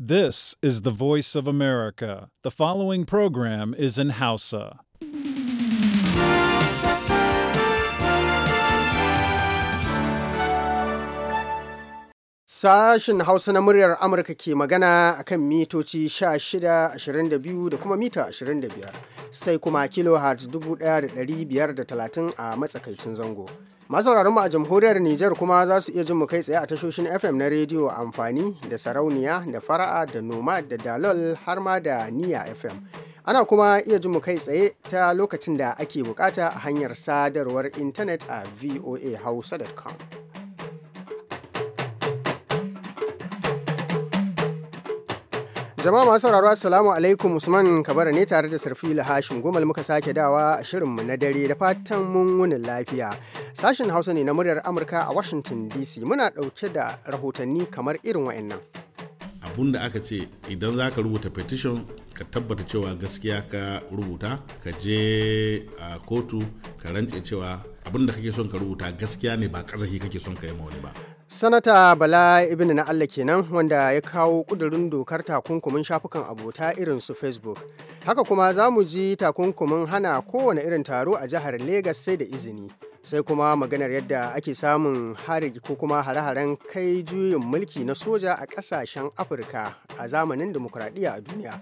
This is the voice of America. The following program is in Hausa. Sashen Hausa na muryar Amurka ke magana akan mitoci 16, da kuma mita 25, sai kuma kilohertz 1530 a matsakaicin zango. masauraran mu a jamhuriyar Nijar kuma za su iya jin mu kai tsaye a tashoshin FM na rediyo amfani da sarauniya da fara'a da noma da dalol har ma da niya FM. Ana kuma iya jin mu kai tsaye ta lokacin da ake bukata a hanyar sadarwar intanet a voahausa.com. Jama'a masu sauraro Assalamu alaikum Usman Kabara ne tare da Sarfila hashin Gomal muka sake dawa a shirin mu na dare da fatan mun wunin lafiya. Sashen Hausa ne na muryar Amurka a Washington DC muna ɗauke da rahotanni kamar irin wa'annan. Abun da aka ce idan za ka rubuta petition ka tabbata cewa gaskiya ka rubuta ka je a kotu ka rantse cewa abin da kake son ka rubuta gaskiya ne ba kazahi kake son ka yi ma wani ba. Sanata Bala Ibn na Allah kenan wanda ya kawo kudurin dokar takunkumin shafukan abota irin su Facebook. Haka kuma za mu ji takunkumin hana kowane irin taro a jihar Legas sai da izini. sai kuma maganar yadda ake samun hari ko kuma hare-haren kai juyin mulki na soja a kasashen afirka a zamanin demokuraɗiyya a duniya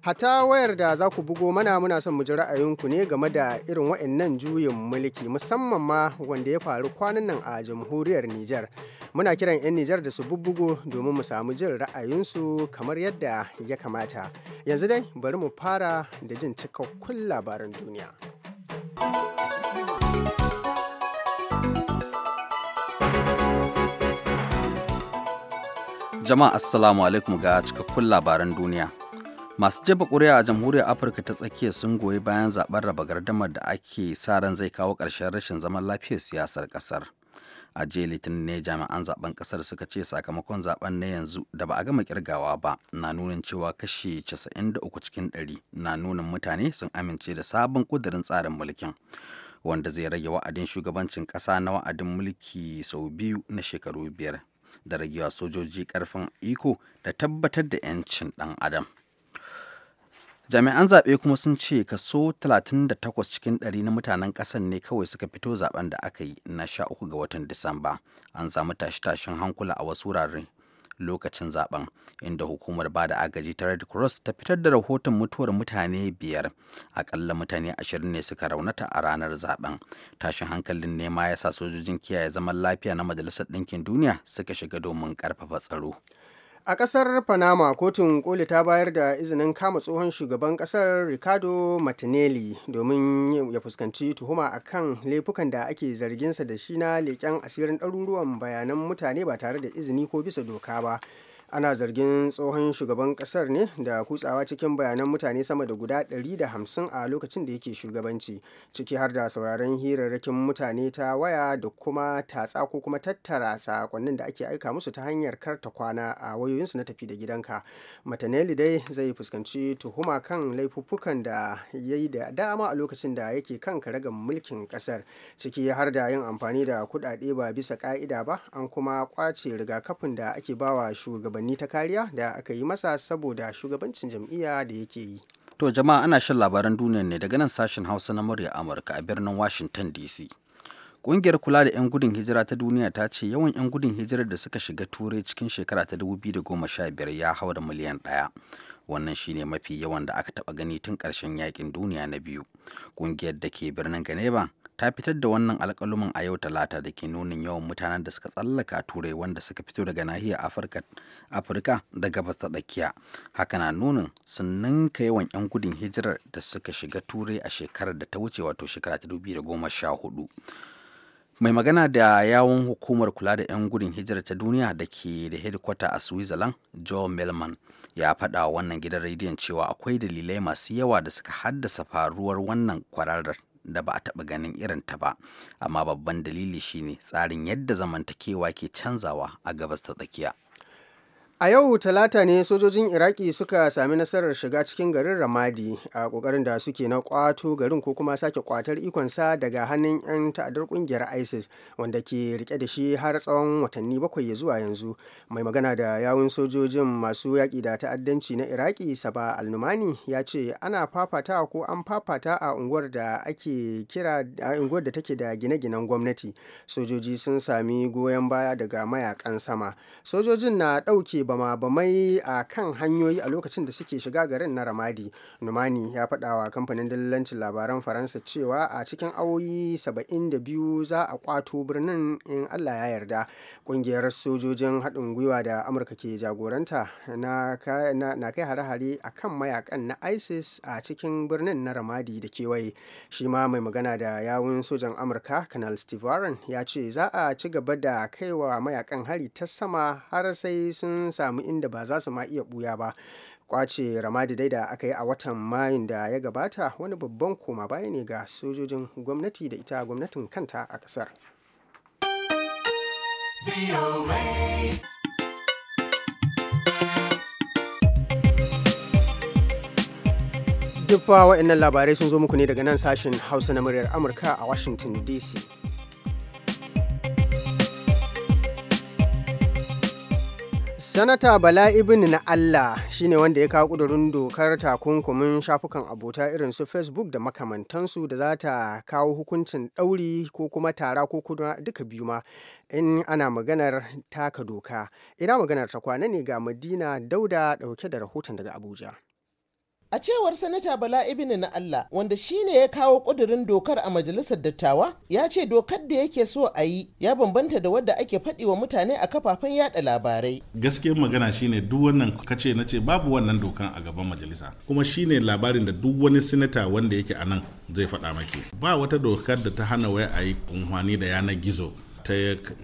hata wayar da za ku bugo mana muna son mu ji ra'ayinku ne game da irin wa'annan juyin mulki musamman ma wanda ya faru kwanan nan a jamhuriyar Nijar. Muna kiran 'yan Nijar da su bubbugo domin mu samu jin ra'ayinsu kamar yadda ya kamata. Yanzu dai bari mu fara da jin cikakkun labaran duniya. Jama'a Assalamu alaikum ga cikakkun labaran duniya. Masu jefa ƙuri'a a jamhuriyar Afirka ta tsakiya sun goyi bayan zaɓen raba gardamar da ake sa ran zai kawo ƙarshen rashin zaman lafiyar siyasar ƙasar. A jiya Litinin ne jami'an zaben ƙasar suka ce sakamakon zaben na yanzu da ba a gama kirgawa ba na nunin cewa kashi 93 cikin 100 na nunin mutane sun amince da sabon ƙudurin tsarin mulkin. wanda zai rage wa'adin shugabancin ƙasa na wa'adin mulki sau biyu na shekaru biyar da ragewa sojoji karfin iko da tabbatar da 'yancin dan adam jami'an zaɓe kuma sun ce kaso 38 cikin 100 na mutanen ƙasar ne kawai suka fito zaben da aka yi na 13 ga watan disamba an samu tashe-tashen hankula a wasu wuraren lokacin zaben inda hukumar ba da agaji ta red cross ta fitar da rahoton mutuwar mutane biyar akalla mutane ashirin ne suka raunata a ranar zaben tashin hankalin nema ya sa sojojin kiyaye zaman lafiya na majalisar ɗinkin duniya suka shiga domin ƙarfafa tsaro A ƙasar Panama, kotun koli ta bayar da izinin kama tsohon shugaban ƙasar Ricardo Martinelli domin ya fuskanci tuhuma a kan laifukan da ake zarginsa da shi na leƙen asirin ɗaruruwan bayanan mutane ba tare da izini ko bisa doka ba. ana zargin tsohon shugaban kasar ne da kutsawa cikin bayanan mutane sama da guda 150 a lokacin da yake shugabanci ciki har da sauraron hirarrakin mutane ta waya da kuma tatsa ko kuma tattara sakonnin da ake aika musu ta hanyar karta kwana a wayoyinsu na tafi da gidanka mataneli dai zai fuskanci tuhuma kan laifuffukan da ya yi da dama a lokacin da yake kan karagan mulkin kasar ciki har da yin amfani da kuɗaɗe ba bisa ka'ida ba an kuma kwace rigakafin da ake bawa shugaban shugabanni ta kariya da aka yi masa saboda shugabancin jam'iyya da yake yi to jama'a ana shan labaran duniya ne daga nan sashen hausa na murya amurka a birnin washington dc kungiyar kula da 'yan gudun hijira ta duniya ta ce yawan 'yan gudun hijirar da suka shiga turai cikin shekara ta 2015 ya haura miliyan ɗaya. Wannan shine mafi yawan da aka taɓa gani tun ƙarshen yakin duniya na biyu. kungiyar da ke birnin Geneva ta fitar da wannan alkalumin a yau talata da ke nunin yawan mutanen da suka tsallaka turai wanda suka fito daga nahiyar afirka da gabas ta tsakiya haka na nunin sun ninka yawan 'yan gudun hijirar da suka shiga turai a shekarar da ta wuce wato shekara ta dubi da sha hudu. mai magana da yawon hukumar kula da 'yan gudun hijira ta duniya da ke da hedikwata a switzerland joe melman ya faɗa wannan gidan rediyon cewa akwai dalilai masu yawa da suka haddasa faruwar wannan kwararar da ba a taɓa ganin irin ta ba amma babban dalili shine tsarin yadda zamantakewa ke canzawa a gabas ta tsakiya a yau talata ne sojojin iraki suka sami nasarar shiga cikin garin ramadi a kokarin da suke na kwato garin ko kuma sake kwatar ikonsa daga hannun 'yan ta'addar kungiyar isis wanda ke rike da shi har tsawon watanni bakwai ya zuwa yanzu mai magana da yawun sojojin masu yaƙi da ta'addanci na iraki saba alnumani ya ce ana fafata ko an fafata a unguwar da ake kira a unguwar da take da gine-ginen gwamnati sojoji sun sami goyon baya daga mayakan sama sojojin na ɗauke bama-bamai a kan hanyoyi a lokacin da suke shiga garin na ramadi numani ya faɗa wa kamfanin dillancin labaran faransa cewa a cikin awoyi 72 za a kwato birnin in allah ya yarda ƙungiyar sojojin haɗin gwiwa da amurka ke jagoranta na kai hare-hare a kan mayakan na isis a cikin birnin na ramadi da kewaye shi ma mai magana da yawun sojan amurka kanal steve warren ya ce za a ci gaba da kaiwa mayakan hari ta sama har sai sun samu inda ba za su ma iya buya ba kwace ramadi dai da aka yi a watan mayun da ya gabata wani babban koma baya ne ga sojojin gwamnati da ita gwamnatin kanta a kasar duk fa waɗannan labarai sun zo muku ne daga nan sashen hausa na muryar amurka a washington dc Sanata Bala Ibn na Allah shine wanda ya kawo ƙudurin dokar takunkumin shafukan abota irin su Facebook da makamantansu da za ta kawo hukuncin ɗauri ko kuma tara ko kuma duka biyu ma in ana maganar taka doka. Ina maganar ta kwana ne ga Madina Dauda ɗauke da rahoton daga Abuja. A cewar Sanata Bala Ibn na Allah wanda shine ya kawo ƙudurin dokar a majalisar dattawa ya ce dokar da yake so a yi ya bambanta da wadda ake faɗi wa mutane a kafafen yada labarai. gaske magana shine duk wannan kace na ce babu wannan dokan a gaban majalisa kuma shine labarin da duk wani sanata wanda yake a nan zai faɗa maki. Ba wata dokar da ta hana waya a yi da yanar gizo ta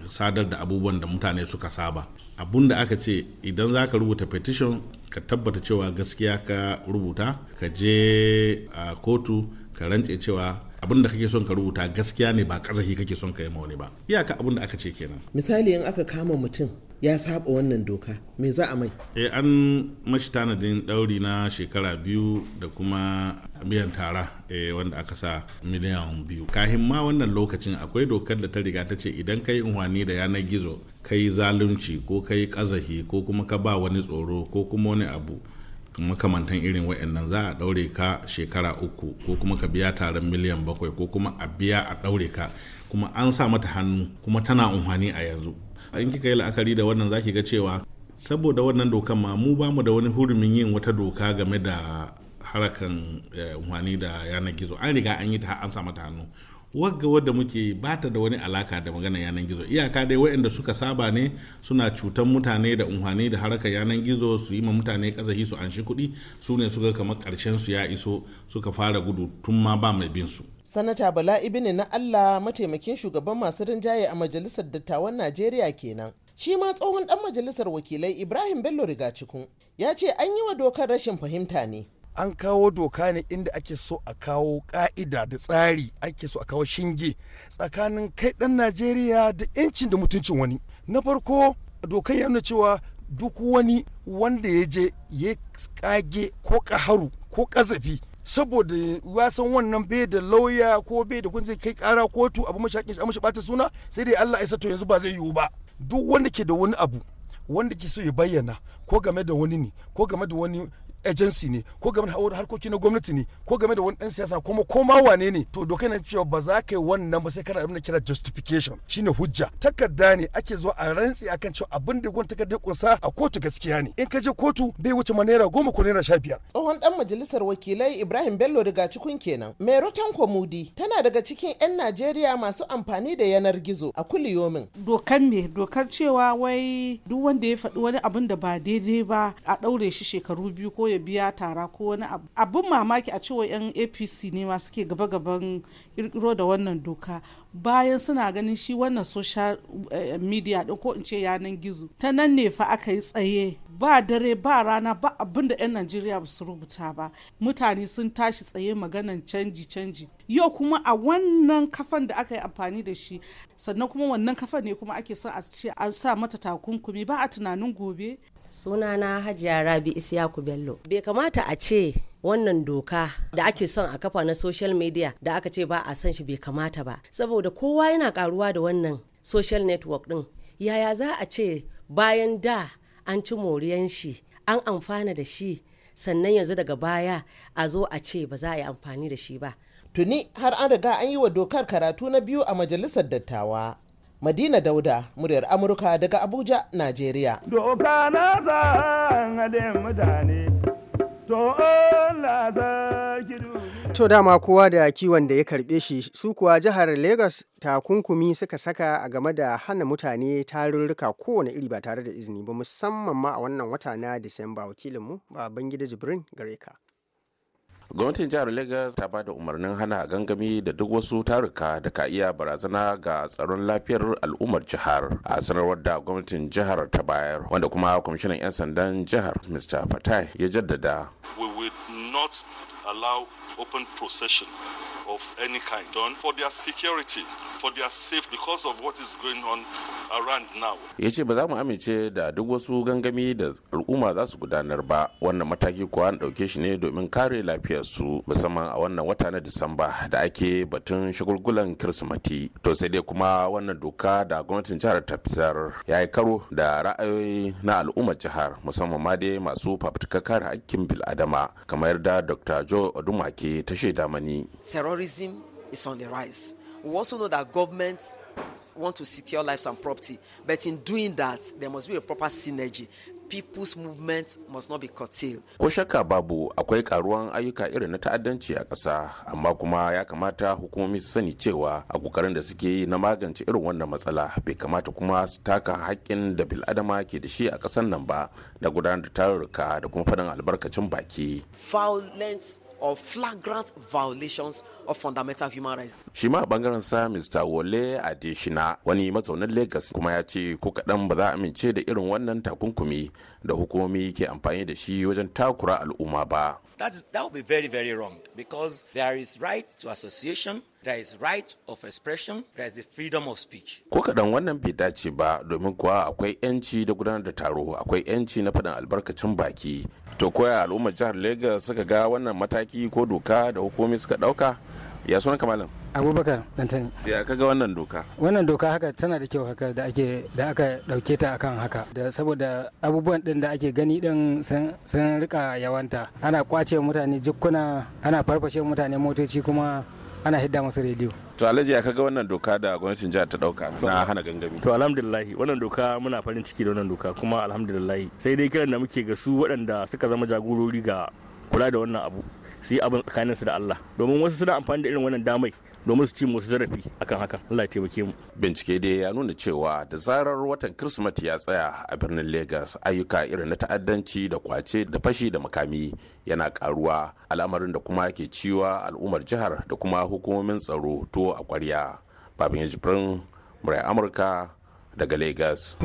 sadar da abubuwan da mutane suka saba. abun da aka ce idan za ka rubuta petition ka tabbata cewa gaskiya ka rubuta ka je a kotu ka rantse cewa abin da kake son ka rubuta gaskiya ne ba kazahi kake son ka yi wani ba iyaka abin da aka ce kenan misali in aka kama mutum ya saba wannan doka me za a mai eh an mashi tanadin ɗauri na shekara biyu da kuma biyan tara eh, wanda aka sa miliyan biyu kahin ma wannan lokacin akwai dokar da ta riga ta ce idan ka yi unhwani da yanar gizo ka yi zalunci ko ka yi ƙazahi ko kuma ka ba wani tsoro ko kuma wani abu makamantan irin wa'annan za a ɗaure ka shekara uku ko kuma ka biya taron miliyan bakwai ko kuma a biya a ɗaure ka kuma an sa mata hannu kuma tana unhani a yanzu in kika yi la'akari da wannan zaki ga cewa saboda wannan dokan ma mu ba mu da wani hurumin yin wata doka game da harakan eh, unhani da yanar gizo an riga an yi ta an sa mata hannu wagga wadda muke bata da wani alaka da magana yanan gizo iyaka dai waɗanda suka saba ne suna cutan mutane da unhani da harkar yanan gizo su yi ma mutane kazahi su anshi kuɗi su ne suka kamar karshen su ya iso suka fara gudu tun ma ba mai bin su sanata bala ibini na allah mataimakin shugaban masu rinjaye a majalisar dattawan najeriya kenan shi ma tsohon dan majalisar wakilai ibrahim bello rigacikun ya ce an yi wa dokar rashin fahimta ne an kawo doka ne inda ake so a kawo ka'ida da tsari ake so a kawo shinge tsakanin kai dan najeriya da 'yancin da mutuncin wani na farko dokan ya nuna cewa duk wani wanda ya je ya kage ko kaharu ko kazafi saboda ya san wannan bai da lauya ko bai da kun zai kai kara kotu abu mashakin shi bata suna sai dai Allah ya sato yanzu ba zai yiwu ba duk wanda ke da wani abu wanda ke so ya bayyana ko game da wani ne ko game da wani agency ne ko game da harkoki na gwamnati ne ko game da wani dan siyasa kuma ko ma wane ne to dokai na cewa ba za ka yi wannan ba sai kana abin da kira justification shine hujja takarda ne ake zuwa a rantsi akan cewa abin da gwamnati takardar kunsa a kotu gaskiya ne in ka je kotu bai wuce ma naira goma ko naira sha biyar. tsohon dan majalisar wakilai ibrahim bello daga cikun kenan mai rutan komudi tana daga cikin 'yan najeriya masu amfani da yanar gizo a kuliyomin. dokan me dokar cewa wai duk wanda ya faɗi wani abin da ba daidai ba a ɗaure shi shekaru biyu ko ya biya tara ko wani abu abin mamaki a cewa yan apc ne ma suke gaba-gaban kirkiro da wannan doka bayan suna ganin shi wannan social eh, media din ko in ce yanan gizo ta nan ne fa aka yi tsaye ba dare ba rana ba abin da 'yan najeriya ba su rubuta ba mutane sun tashi tsaye maganan canji canji yau kuma a wannan kafan da aka yi amfani da shi sannan kuma wannan kafan ne kuma ake son a ce an sa mata takunkumi ba a tunanin gobe sunana hajiya rabi isyaku bello bai kamata a ce wannan doka da ake son a kafa na social media da aka ce ba a son shi bai kamata ba saboda kowa yana karuwa da wannan social network din yaya za a ce bayan da an ci moriyan shi an amfana da shi sannan yanzu daga baya a zo a ce ba za a yi amfani da shi ba tuni har an riga an yi wa dokar karatu na biyu a majalisar dattawa Madina Dauda, muryar Amurka daga Abuja, Najeriya. to To dama kowa da kiwon da ya karbe shi su kuwa jihar Lagos takunkumi suka saka a game da hana mutane tarurruka kowane iri ba tare da izini ba musamman ma a wannan wata na Disamba wakilinmu Babangida Jibrin gare ka. gwamnatin jihar lagos ta ba da umarnin hana gangami da duk wasu taruka da ka iya barazana ga tsaron lafiyar al'ummar jihar a sanarwar da gwamnatin jihar ta bayar wanda kuma kwamishinan 'yan sandan jihar mr fatai ya jaddada we will not allow open procession of any kind done for their security, for their safe because of what is going on around now. Ya ce ba za mu amince da duk wasu gangami da al'umma za su gudanar ba wannan mataki kuwa an ɗauke shi ne domin kare lafiyar su musamman a wannan wata na Disamba da ake batun shagulgulan Kirsimati. To sai dai kuma wannan doka da gwamnatin jihar ta fitar ya yi karo da ra'ayoyi na al'ummar jihar musamman ma dai masu fafutukar kare hakkin bil'adama kamar da Dr. Joe Odumake ta shaida mani. Sarori terrorism is on the rise. We also know that governments want to secure lives and property, but in doing that, there must be a proper synergy. People's movement must not be curtailed. Ko babu akwai karuwan ayyuka irin na ta'addanci a ƙasa, amma kuma ya kamata hukumomi su sani cewa a kokarin da suke yi na magance irin wannan matsala bai kamata kuma su taka haƙƙin da bil'adama ke da shi a ƙasar nan ba na gudanar da tarurruka da kuma faɗin albarkacin baki. Violence of flagrant violations of fundamental human rights. Shi ma bangaren sa Mr. Wole Adeshina wani mazaunin Lagos kuma ya ce ko kaɗan ba za a amince da irin wannan takunkumi da hukumomi ke amfani da shi wajen takura al'umma ba. That, is, that would be very, very wrong because there is right to association, there is right of expression, there is the freedom of speech. Ko kaɗan wannan bai dace ba domin kuwa akwai 'yanci da gudanar da taro, akwai 'yanci na faɗin albarkacin baki, to koya al'ummar jihar lagos suka ga wannan mataki ko doka da hukumomi suka dauka ya ka kamalin abubakar dantani ya kaga wannan doka wannan doka haka tana da kyau haka da ake da aka dauke ta akan haka da saboda abubuwan din da ake gani din sun rika yawanta ana kwace mutane jikkuna ana farfashe mutane motoci kuma ana hidda musu rediyo to alhaji ya kaga wannan doka da gwamnatin jihar ta dauka na hana gangami to alhamdulillah wannan doka muna farin ciki da wannan doka kuma alhamdulillah sai dai kiran da muke ga su waɗanda suka zama jagorori ga kula da wannan abu su yi abin tsakaninsu da Allah domin wasu suna amfani da irin wannan damai domin su ci musu zarafi akan haka Allah ya taimake mu bincike dai ya nuna cewa da zarar watan christmas ya tsaya a birnin Legas ayyuka irin na ta'addanci da kwace da fashi da makami yana karuwa al'amarin da kuma ke ciwa al'ummar jihar da kuma hukumomin tsaro to a kwarya babin jibrin murai amurka daga Legas.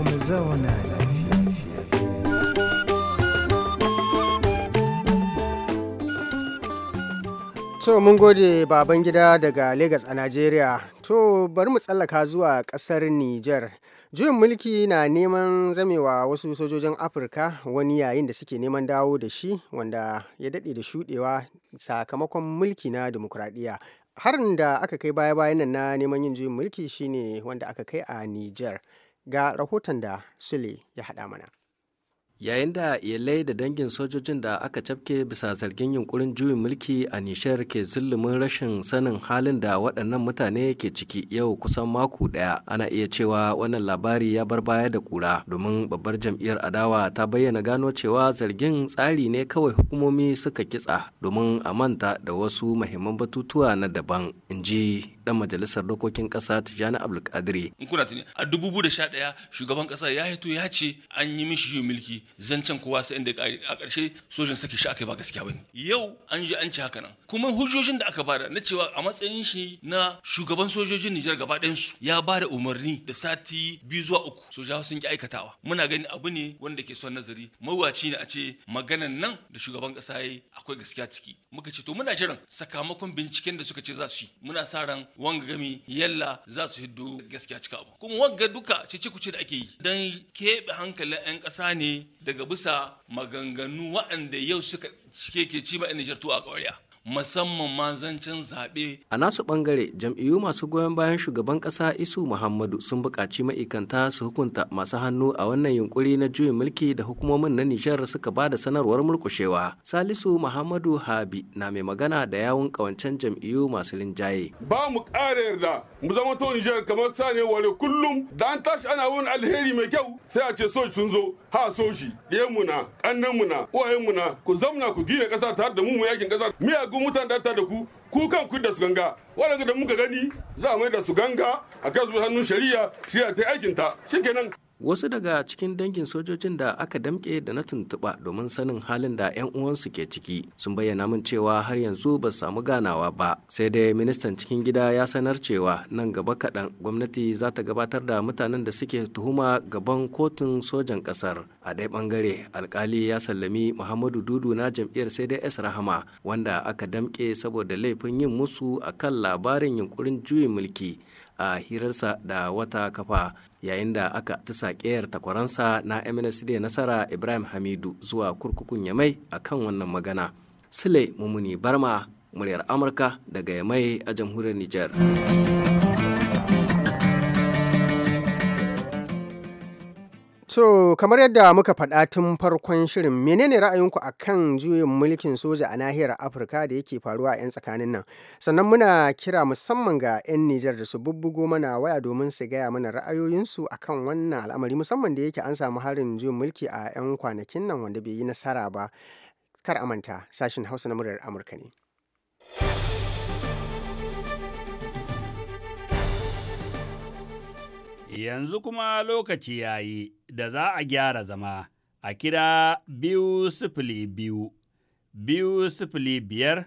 To mun gode baban gida daga lagos a nigeria To bari mu tsallaka zuwa kasar niger Juyin mulki na neman zamewa wasu sojojin Afirka wani yayin da suke neman dawo da shi wanda ya daɗe da shuɗewa sakamakon mulki na demokuraɗiyya. Harin da aka kai baya-bayan nan na neman yin juyin mulki shine wanda aka kai a niger Ga rahoton da Sule ya haɗa mana. yayin da iyalai da dangin sojojin da aka cafke bisa zargin yunkurin juyin mulki a nishar ke zulumin rashin sanin halin da waɗannan mutane ke ciki yau kusan mako ɗaya ana iya cewa wannan labari ya bar baya da kura domin babbar jam'iyyar adawa ta bayyana gano cewa zargin tsari ne kawai hukumomi suka kitsa domin a manta da wasu mahimman batutuwa na daban in ji dan majalisar dokokin kasa Tijjani Abdulkadiri. In kuna tuni a 2011 shugaban kasa ya hito ya ce an yi mishi yi mulki zancen kowa sai inda a karshe sojin saki shi aka ba gaskiya bane. Yau an ji an ci haka nan. Kuma hujjojin da aka bada na cewa a matsayin shi na shugaban sojojin Nijar gaba su ya bada umarni da sati biyu zuwa uku sojawa sun ki aikatawa. Muna gani abu ne wanda ke son nazari mawaci ne a ce maganan nan da shugaban kasa yayi akwai gaskiya ciki. Muka ce to muna jiran sakamakon binciken da suka ce za su yi. Muna sa ran wanga gami yalla za su hiddo gaskiya cika abu kuma wanga duka cici kuce da ake yi dan keɓe hankalin 'yan ƙasa ne daga bisa maganganu waɗanda yau suka cike ke ci ma Nijar tuwa a ƙwarya musamman mazancin zaɓe. A nasu ɓangare jam'iyyu masu goyon bayan shugaban ƙasa Isu Muhammadu sun buƙaci ma'aikanta su hukunta masu hannu a wannan yunkuri na juyin mulki da hukumomin na Nijar suka ba da sanarwar murkushewa. Salisu Muhammadu Habi na mai magana da yawun ƙawancen jam'iyyu masu linjaye. Ba mu ƙara yarda mu zama to Nijar kamar sani wale kullum da an tashi ana wani alheri mai kyau sai a ce soji sun zo ha soji ɗiyanmu na ƙannenmu na uwayenmu na ku zamna ku gina ƙasa tare da mu mu yakin ƙasa ku mutan da ta da ku ku kan ku da su ganga waɗanda da muka gani za mu da su ganga a kai hannun shari'a shi ta aikinta shikenan wasu daga cikin dangin sojojin da aka damƙe da na tuntuɓa domin sanin halin da 'yan uwansu ke ciki sun bayyana min cewa har yanzu ba samu ganawa ba sai dai ministan cikin gida ya sanar cewa nan gaba kaɗan gwamnati za ta gabatar da mutanen da suke tuhuma gaban kotun sojan ƙasar a ɗaya ɓangare alkali ya sallami muhammadu dudu na jam'iyyar sai dai rahama wanda aka damƙe saboda laifin yin musu akan labarin yunkurin juyin mulki a hirarsa da wata kafa yayin da aka ta saƙiyar takwaransa na MNSD nasara Ibrahim Hamidu zuwa kurkukun Yamai a kan wannan magana. Sule Mumuni Barma, muryar Amurka daga Yamai a jamhuriyar Nijar. so kamar yadda muka faɗa tun farkon shirin, menene ra'ayinku a kan juyin mulkin soja a nahiyar Afirka da yake faruwa a 'yan tsakanin nan? Sannan muna kira musamman ga 'yan Nijar da su bubbugo mana waya domin su gaya mana ra'ayoyinsu a kan wannan al'amari musamman da yake an samu harin juyin mulki a 'yan kwanakin nan wanda bai yi nasara ba. Kar amanta, sashin Hausa na muryar Amurka ne. Yanzu kuma lokaci ya yi. da za a gyara zama a kira biyu sifili biyu, biyu sifili biyar,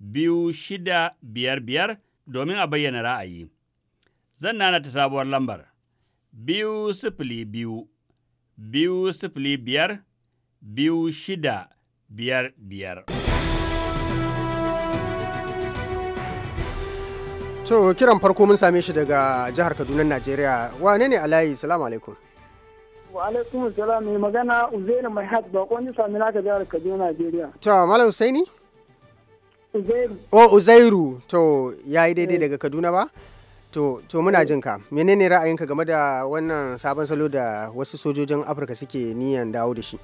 biyu shida biyar biyar domin a bayyana ra'ayi. Zan nana ta sabuwar lambar, biyu sifili biyu, biyu sifili biyar, biyu shida biyar biyar. To kiran farko mun same shi daga jihar Kaduna, Najeriya. Wane ne Alayi? Salamu alaikum. Wa alaikum salam mai magana uzairu mai hat ba ji sami naka jihar Kaduna nigeria To Malam Usaini? Uzairu. Oh Uzairu to yi daidai daga Kaduna ba? To, to muna jin ka menene ra'ayinka game da wannan sabon salo da wasu sojojin afirka suke niyan dawo da shi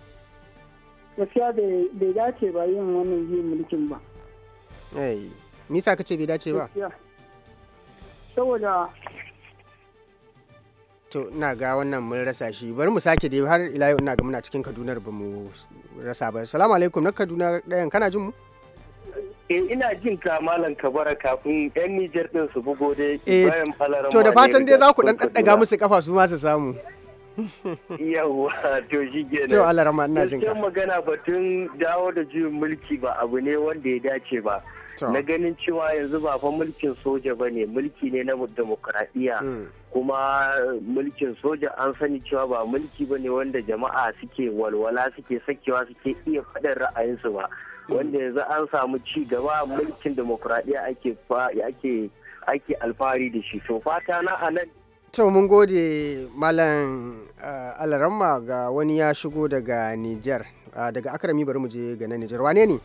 gaskiya bai dace ba yin wannan yin mulkin ba eh nisa ka ce bai dace ba saboda to ina ga wannan mun rasa shi bari mu sake dai har ila yau ina ga muna cikin Kaduna ba mu rasa ba salamu alaikum na Kaduna ɗayan kana jin mu eh, ina jin ka malam kabara kafin yan Nijar din su bugo dai eh, bayan falaran to da fatan dai za ku dan daddaga musu kafa su ma su samu yawwa to shi nan to Allah rama ina jin ka magana batun dawo da juyin mulki ba abu ne wanda ya dace ba na ganin cewa yanzu ba fa mulkin soja ba ne mulki ne na demokradiyya hmm. kuma mulkin soja an sani cewa ba mulki ba ne wanda jama'a suke walwala suke sakewa suke iya faɗin ra'ayinsu ba hmm. wanda yanzu an samu ci gaba mulkin demokradiyya ake ake alfahari da shi to fata na anan To mun gode Malam eh, Alaramma ga wani ya shigo daga Nijar. Eh, daga Akarami bari mu je ga na Nijar. Wane ne?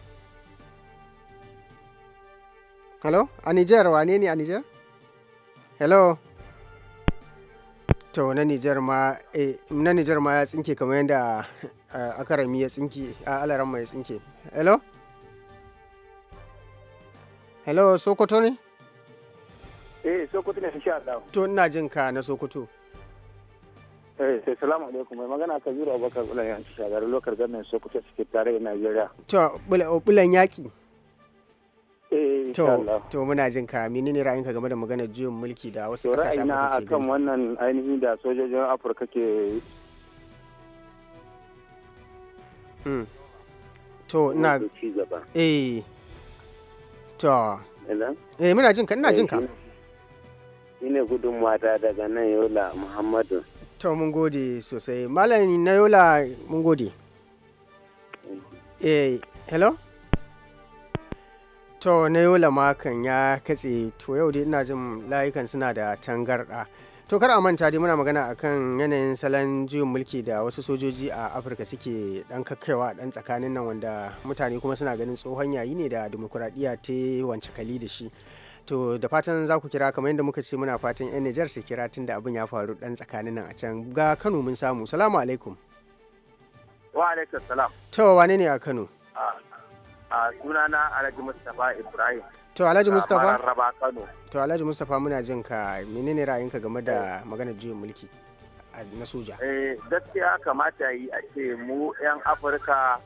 Hello? A Nijar wane ne a Nijar? Hello? To na Nijar ma eh, na ma ya tsinke kamar yadda eh, Akarami ya tsinke, uh, Alaramma ya tsinke. Hello? Hello Sokoto ne? eh sokoto ne insha Allah to ina jin ka na sokoto eh sai eh, salamu alaikum mai magana ka zura abubakar bulan yaki shagar lokar gannan sokoto suke tare da najeriya to oh, bulan yaki eh, To, muna jin ka ne ra'ayinka game da maganar juyin mulki da wasu kasashen Afirka ke akan wannan ainihi da sojojin Afirka ke hmm. To, na Eh. To. Eh, muna jin ka, ina jin ka. Eh, shine gudun mata daga nan yola muhammadu to mun gode sosai malam na yola mun gode eh hello to na yola makan ya katse to yau dai ina jin layukan suna da tangarɗa to kar a manta dai muna magana akan yanayin salon juyin mulki da wasu sojoji a afirka suke dan kakkaiwa dan tsakanin nan wanda mutane kuma suna ganin tsohon yayi ne da demokuraɗiyya ta wance kali da shi to da fatan za ku kira kamar yadda muka ce muna fatan yan Nijar su kira tunda abin ya faru dan tsakanin nan a can ga Kano mun samu salamu alaikum wa alaikum salam to wane ne a Kano a sunana Alhaji Mustapha Ibrahim to Alhaji Mustapha Raba Kano to Alhaji Mustapha muna jin ka menene ka game da eh. maganar juyin mulki na soja eh gaskiya kamata yi a ce mu yan Afirka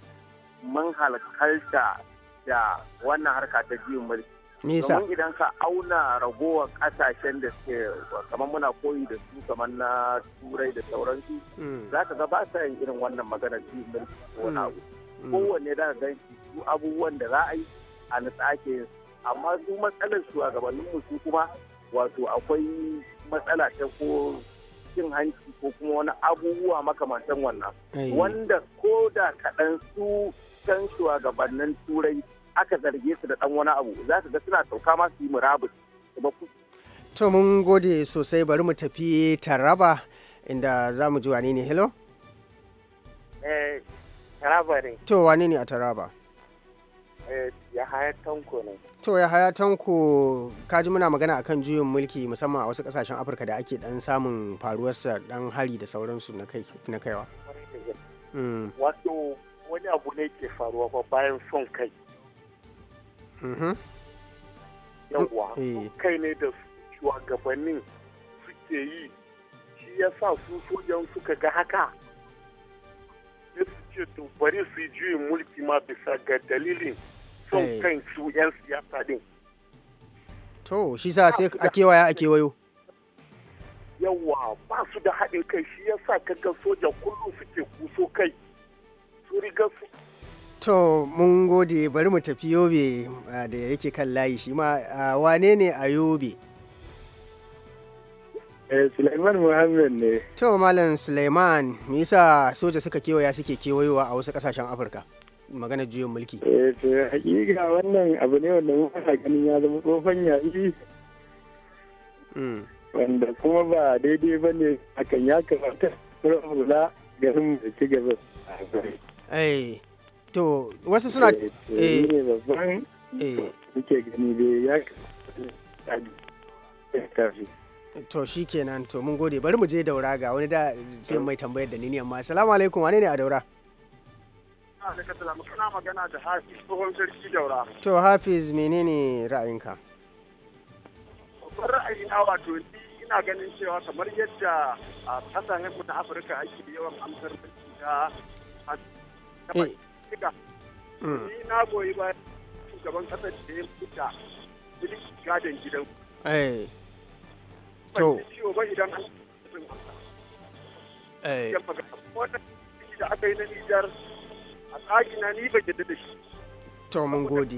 mun halkalta da wannan harka ta juyin mulki Nisa. Domin idan ka auna ragowar kasashen da suke kamar muna koyi da su kamar na turai da sauransu mm. za ka ga ba sa yin irin wannan magana su mulki ko na mm. abu. Mm. Kowanne da su abubuwan da za a yi a nutsa ake amma su matsalar su a gabaninmu su kuma wato akwai matsala ta ko cin hanci ko kuma wani abubuwa makamantan wannan wanda ko da kaɗan su can shugabannin turai aka zarge su da ɗan wani abu za su ga suna sauka ma su yi murabus to mun gode sosai bari mu tafi taraba inda za mu ji wani ne hello eh taraba ne to wani ne a taraba eh, ya haya tanko ne to ya haya tanko kaji muna magana akan juyin mulki musamman a wasu kasashen afirka da ake dan samun faruwarsa dan hari da sauransu na kaiwa mm. wato wani abu ne ke faruwa ba bayan son kai Mhm. yawwa eh. kai ne da shugabannin suke yi shi ya sa su sojan suka ga haka ya su ce to bari su yi juyin mulki ma bisa ga dalilin son eh. kan su 'yan siyasa din to shi sa sai a kewaya a kewayo ba su da haɗin kai shi ya sa kaga soja kullum suke kuso kai su riga su To mun gode bari mu tafi yobe da yake kan layi shi ma wane ne a yobe? Eh, Suleiman Muhammad ne. To Malam Suleiman, me yasa soja suka kewaya suke kewayowa a wasu kasashen Afirka? maganar juyin mulki. Eh to hakika wannan abu ne wanda mun fara ganin ya zama tsofan yayi. Mm. Wanda kuma ba daidai ba ne hakan ya kamata hula garin da ci gaba. Eh, to wasu suna eh, to eh, eh. shi kenan to mun gode bari mu je daura ga wani da ce mai tambayar da ni amma salamu alaikum wane ne a daura Ana magana da Hafiz tsohon sarki daura. To Hafiz menene ra'ayinka? Babban ra'ayina wato ina ganin cewa kamar yadda a ah, kasashen mu na Afirka ake yawan amsar da bindiga hmm. ni na goyi ba shugaban kasar da ya fita gadon gidan eh to eh da aka yi na Nijar a ni mun gode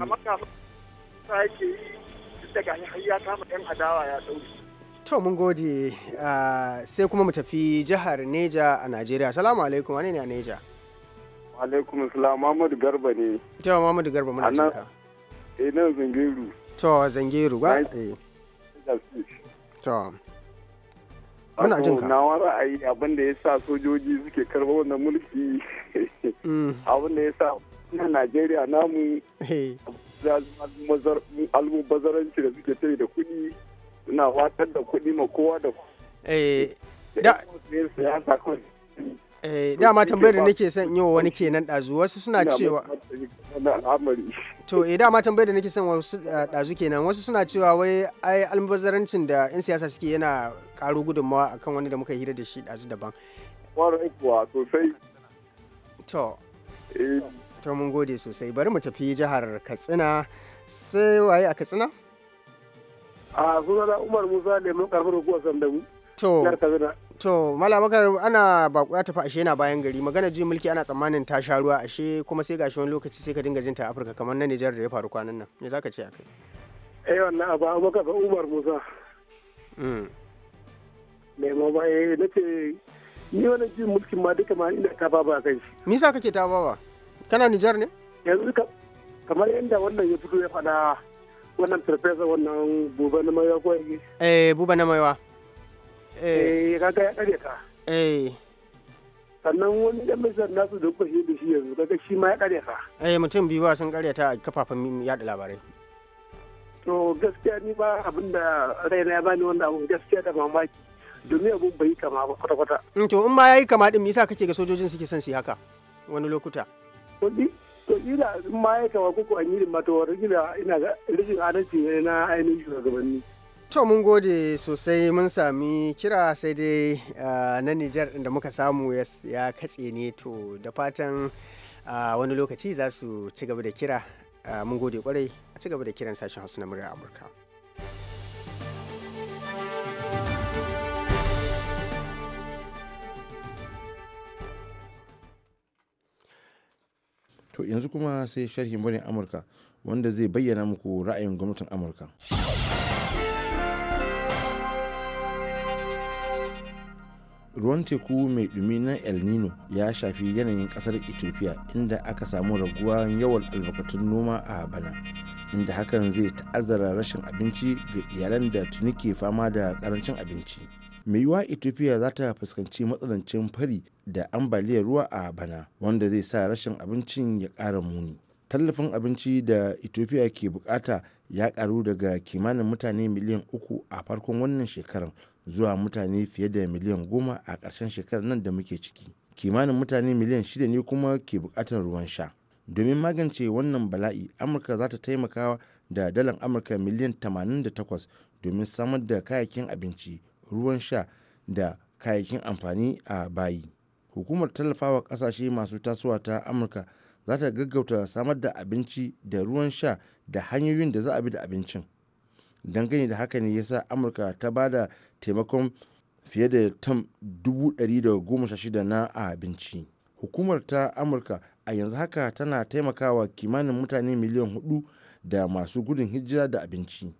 sa yi daga ya kama yan adawa ya To mun gode ah, sai kuma mu tafi jihar Neja a Najeriya. Salamu alaikum, wane ne a Neja? alaikum salam Muhammadu Garba ne. Jawa Muhammadu Garba muna cinka. Eh nan Zangeru. To Zangeru ba? Eh. To. Muna jin ka. Nawa ra'ayi abin da ya sa sojoji suke karɓar wannan mulki. Mm. Abin da ya sa na Najeriya namu. bazaranci da suke tare da kudi Suna watar da kudi ma kowa da kuɗi. Eh. Da. Eh, dama tambayar da nake son yi wa wani kenan ɗazu wasu suna cewa to eh dama tambayar da nake son wasu eh, ɗazu kenan wasu suna cewa wai ai almubazarancin da 'yan siyasa suke yana karo gudunmawa akan wani da muka hira da shi ɗazu daban kwarai kuwa sosai to eh. to mun gode sosai bari mu tafi jihar katsina sai waye a katsina a sunana umar musa lemun karfin hukumar sandamu to To malamaka ana bakuwa ta ashe na bayan gari magana juyin mulki ana tsammanin ta sha ruwa ashe kuma sai gashi wani lokaci sai ka dinga jin ta Afirka kamar na Nijar da ya faru kwanan nan me zaka ce a kai? Eh wannan abu Abubakar Umar Musa. Mm. Me ma ba eh nace ni wannan juyin mulkin ma duka ma ina ta baba kai. Me yasa kake ta baba? Kana Nijar ne? Yanzu kamar yanda wannan ya fito ya faɗa wannan professor wannan buba na maiwa ko Eh buba na maiwa. Eh. Eh, ga kaga ya kare eh. ta sannan wani dan misar nasu da kwashe da shi yanzu kaga shi ma ya kare ta eh mutum biyu sun kare ta a kafafen yada labarai to gaskiya ni ba abin da raina ya bani wanda abin gaskiya da mamaki domin abu bai kama ba kwata-kwata mm, to in ya yi kama din me yasa kake ga sojojin suke son su haka wani lokuta to ina in ma ya kama kuku an yi da matawar ina ga rashin adalci na ainihin shugabanni to mun gode sosai mun sami kira sai dai na nijar da muka samu ya katse ne to da fatan wani lokaci za su ci gaba da kira mun gode kwarai a ci gaba da kiran sashen hausa na murya amurka to yanzu kuma sai sharhin bane amurka wanda zai bayyana muku ra'ayin gwamnatin amurka ruwan teku mai dumi na el nino ya shafi yanayin kasar ethiopia inda aka samu raguwa yawan albarkatun noma a bana inda hakan zai ta'azzara rashin abinci ga iyalan da tuni ke fama da karancin abinci mai yiwuwa ethiopia za ta fuskanci matsanancin fari da ambaliyar ruwa a bana wanda zai sa rashin abincin ya ƙara muni tallafin abinci da ethiopia ke bukata ya karu daga kimanin mutane miliyan uku a farkon wannan shekarar zuwa mutane fiye da miliyan goma a ƙarshen shekarar nan da muke ciki kimanin mutane miliyan shida ne kuma ke buƙatar ruwan sha domin magance wannan bala'i amurka za ta taimaka da dalar amurka miliyan tamanin da 88 domin samar da kayayyakin abinci ruwan sha da kayayyakin amfani a bayi hukumar tallafawa kasashe masu tasowa ta amurka za ta gaggauta samar da abinci da ruwan sha da hanyoyin da za a bi da abincin dangane da haka ne sa amurka ta ba da taimakon fiye da tam 116 na abinci hukumar ta amurka a yanzu haka tana taimakawa kimanin mutane miliyan hudu da masu gudun hijira da abinci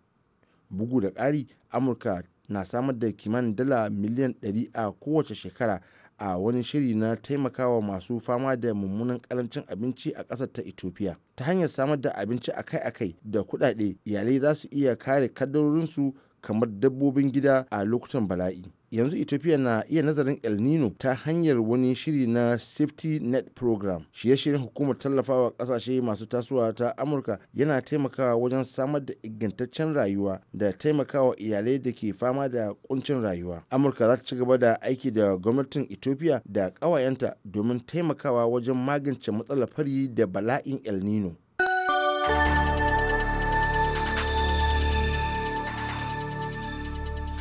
bugu da ƙari amurka na samar da kimanin dala miliyan 100 a kowace shekara a wani shiri na taimakawa masu fama da mummunan karancin abinci a ƙasar ta ethiopia ta hanyar samar da abinci akai-akai da kudade iyalai za su iya kare kaddarorinsu kamar dabbobin gida a lokutan bala'i yanzu ethiopia na iya nazarin el nino ta hanyar wani shiri na safety net program shirye-shiryen hukumar tallafawa kasashe masu tasowa ta amurka yana taimakawa wajen samar da ingantaccen rayuwa da taimakawa iyalai da ke fama da kuncin rayuwa amurka za ta ci gaba da aiki da gwamnatin ethiopia da kawayenta domin taimakawa wajen magance matsalar fari da bala'in el nino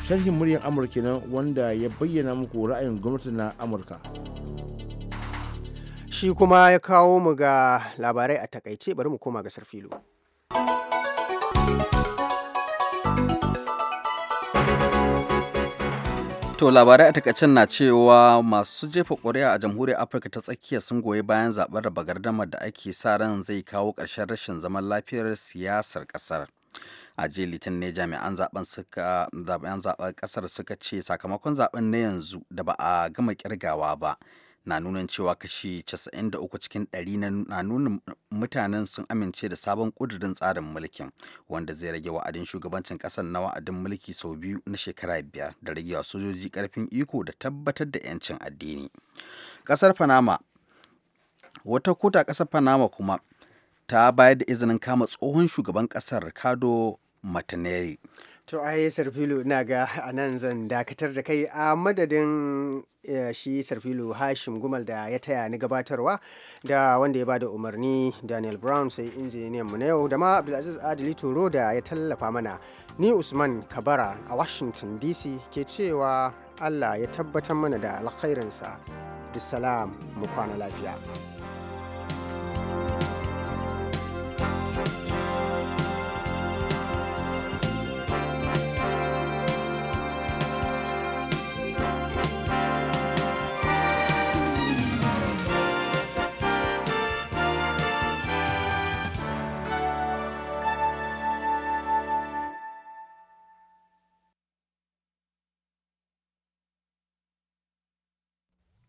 sharhin muryar amurka nan wanda ya bayyana muku ra'ayin gwamnati na amurka shi kuma ya kawo mu ga labarai a takaice bari mu koma ga sarfilo To labarai a takaicen na cewa masu jefa ƙuri'a a jamhuriyar Afirka ta tsakiya sun goyi bayan zaɓen raba gardamar da ake sa ran zai kawo ƙarshen rashin zaman lafiyar siyasar ƙasar. a jiya litinin ne jami'an zaben kasar suka ce sakamakon zaben na yanzu da ba a gama kirgawa ba na nunin cewa kashi 93 cikin 100 na nunin mutanen sun amince da sabon kudurin tsarin mulkin wanda zai rage wa'adin shugabancin kasar na wa'adin mulki sau biyu na shekara biyar da ragewa sojoji karfin iko da tabbatar da 'yancin addini kasar panama wata kota kasar panama kuma ta bayar da izinin kama tsohon shugaban ƙasar ricardo martinelli to ai sarfilo na ga a nan zan dakatar da kai a madadin eh, shi sarfilo hashim gumal da ya taya ni gabatarwa da wanda ya bada umarni daniel brown sai injiniyan mu na yau da ma abdulaziz adili toro da ya tallafa mana ni usman kabara a washington dc ke cewa allah ya tabbatar mana da alkhairinsa bisalam mu kwana lafiya